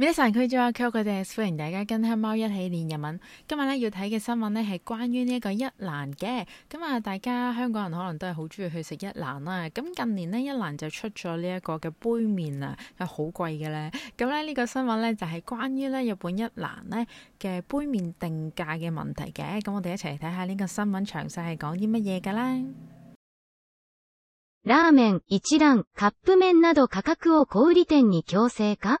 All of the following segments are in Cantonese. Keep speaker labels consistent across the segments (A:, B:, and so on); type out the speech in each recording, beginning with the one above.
A: 每晚八點繼續《Hello Goodness》，歡迎大家跟黑貓一起練日文。今日咧要睇嘅新聞呢係關於呢一個一蘭嘅。咁啊，大家香港人可能都係好中意去食一蘭啦。咁近年呢，一蘭就出咗呢一個嘅杯麵啊，係好貴嘅咧。咁咧呢個新聞呢，就係關於呢日本一蘭呢嘅杯麵定價嘅問題嘅。咁我哋一齊嚟睇下呢個新聞詳細係講啲乜嘢㗎啦。
B: ラーメン一蘭カップ麺など価格を小売店に強制か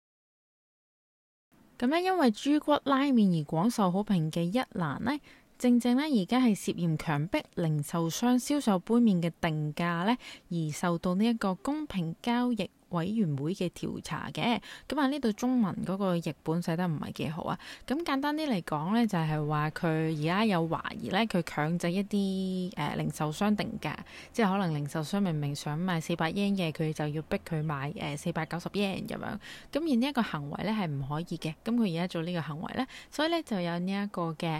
A: 咁咧，因為豬骨拉麵而廣受好評嘅一蘭咧。正正咧，而家係涉嫌強迫零售商銷售杯麵嘅定價咧，而受到呢一個公平交易委員會嘅調查嘅。咁、嗯、啊，呢度中文嗰個譯本寫得唔係幾好啊。咁、嗯、簡單啲嚟講咧，就係話佢而家有懷疑咧，佢強制一啲誒、呃、零售商定價，即係可能零售商明明想賣四百 yen 嘅，佢就要逼佢買誒四百九十 yen 咁樣。咁、嗯、而呢一個行為咧係唔可以嘅。咁佢而家做呢個行為咧，所以咧就有呢一個嘅。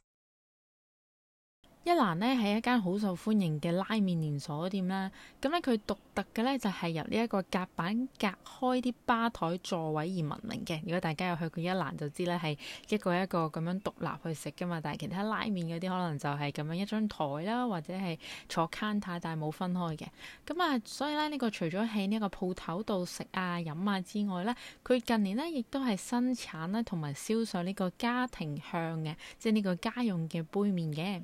A: 一蘭咧係一間好受歡迎嘅拉麵連鎖店啦。咁咧，佢獨特嘅咧就係由呢一個隔板隔開啲吧台座位而聞名嘅。如果大家有去過一蘭就知咧，係一個一個咁樣獨立去食噶嘛。但係其他拉麵嗰啲可能就係咁樣一張台啦，或者係坐 counter，但係冇分開嘅。咁、嗯、啊，所以咧呢個除咗喺呢一個鋪頭度食啊飲啊之外咧，佢近年咧亦都係生產啦，同埋銷售呢個家庭向嘅，即係呢個家用嘅杯麵嘅。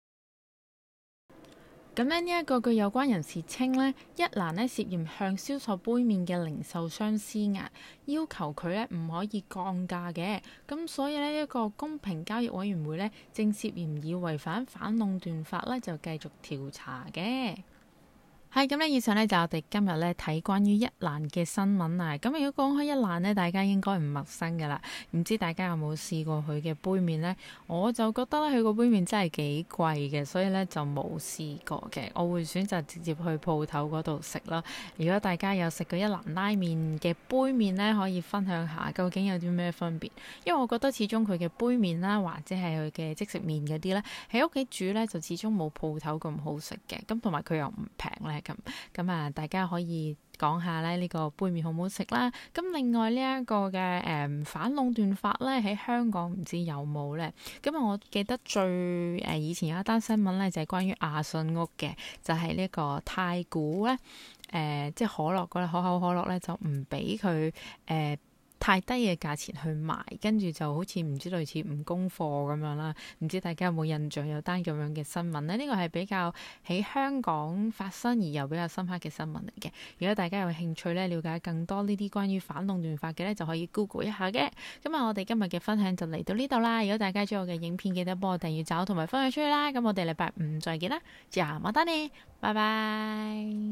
A: 咁咧呢一個據有關人士稱咧，一蘭咧涉嫌向銷售杯麵嘅零售商施壓，要求佢咧唔可以降價嘅。咁所以咧一個公平交易委員會咧正涉嫌以違反反壟斷法咧就繼續調查嘅。係咁咧，以上咧就我哋今日咧睇關於一蘭嘅新聞啊！咁如果講開一蘭咧，大家應該唔陌生噶啦。唔知大家有冇試過佢嘅杯麵咧？我就覺得咧佢個杯麵真係幾貴嘅，所以咧就冇試過嘅。我會選擇直接去鋪頭嗰度食咯。如果大家有食過一蘭拉麵嘅杯麵咧，可以分享下究竟有啲咩分別？因為我覺得始終佢嘅杯麵啦，或者係佢嘅即食麵嗰啲咧，喺屋企煮咧就始終冇鋪頭咁好食嘅。咁同埋佢又唔平咧。咁咁啊，大家可以講下咧呢個杯麵好唔好食啦。咁另外呢一個嘅誒反壟斷法咧，喺香港唔知有冇咧。咁啊，我記得最誒以前有一單新聞咧，就係關於亞信屋嘅，就係、是、呢個太古咧誒、呃，即係可樂嗰啲可口可樂咧，就唔俾佢誒，太低嘅價錢去賣，跟住就好似唔知類似唔供貨咁樣啦。唔知大家有冇印象有單咁樣嘅新聞呢？呢個係比較喺香港發生而又比較深刻嘅新聞嚟嘅。如果大家有興趣呢，了解更多呢啲關於反動亂法嘅呢，就可以 Google 一下嘅。咁啊，我哋今日嘅分享就嚟到呢度啦。如果大家鍾意我嘅影片，記得幫我訂閱找同埋分享出去啦。咁我哋禮拜五再見啦。j o n a t 拜拜。